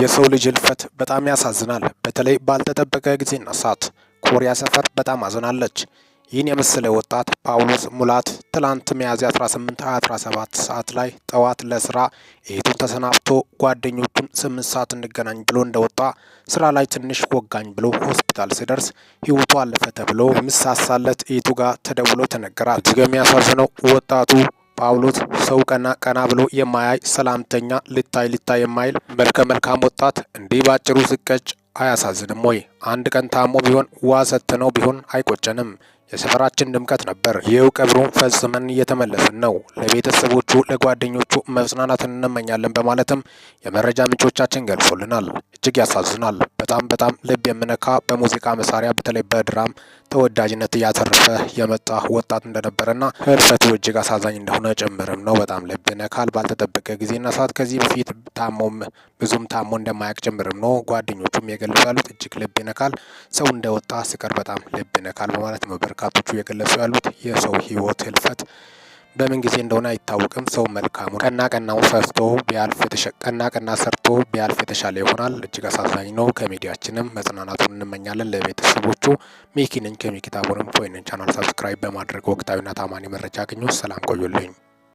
የሰው ልጅ ህልፈት በጣም ያሳዝናል። በተለይ ባልተጠበቀ ጊዜና ሰዓት ኮሪያ ሰፈር በጣም አዝናለች። ይህን የመሰለ ወጣት ጳውሎስ ሙላት ትላንት ሚያዝያ 18 ሰዓት ላይ ጠዋት ለስራ እህቱን ተሰናብቶ ጓደኞቹን ስምንት ሰዓት እንገናኝ ብሎ እንደወጣ ስራ ላይ ትንሽ ወጋኝ ብሎ ሆስፒታል ሲደርስ ህይወቱ አለፈ ተብሎ የምሳሳለት እህቱ ጋር ተደውሎ ተነገራት። እጅግ የሚያሳዝነው ወጣቱ ጳውሎስ ሰው ቀና ቀና ብሎ የማያይ ሰላምተኛ፣ ልታይ ልታይ የማይል መልከ መልካም ወጣት እንዲህ ባጭሩ ስቀጭ አያሳዝንም ወይ? አንድ ቀን ታሞ ቢሆን ዋሰት ነው ቢሆን አይቆጨንም። የሰፈራችን ድምቀት ነበር። ይህው ቀብሩን ፈጽመን እየተመለስን ነው። ለቤተሰቦቹ ለጓደኞቹ መጽናናትን እንመኛለን በማለትም የመረጃ ምንጮቻችን ገልጾልናል። እጅግ ያሳዝናል። በጣም በጣም ልብ የምነካ በሙዚቃ መሳሪያ በተለይ በድራም ተወዳጅነት እያተረፈ የመጣ ወጣት እንደነበረና ህልፈቱ እጅግ አሳዛኝ እንደሆነ ጭምርም ነው። በጣም ልብ ነካል። ባልተጠበቀ ጊዜና ሰዓት ከዚህ በፊት ታሞም ብዙም ታሞ እንደማያውቅ ጭምርም ነው ጓደኞቹም የገለጹ ያሉት። እጅግ ልብ ነካል። ሰው እንደወጣ ስቀር በጣም ልብ ነካል በማለት ነው በርካቶቹ የገለጹ ያሉት የሰው ህይወት ህልፈት በምን ጊዜ እንደሆነ አይታወቅም። ሰው መልካሙ ቀና ቀናውን ሰርቶ ቢያልፍ ቀና ቀና ሰርቶ ቢያልፍ የተሻለ ይሆናል። እጅግ አሳዛኝ ነው። ከሚዲያችንም መጽናናቱን እንመኛለን ለቤተሰቦቹ። ሚኪ ነኝ ከሚኪታቦንም ፖይንን ቻናል ሳብስክራይብ በማድረግ ወቅታዊና ታማኒ መረጃ አግኙ። ሰላም ቆዩልኝ።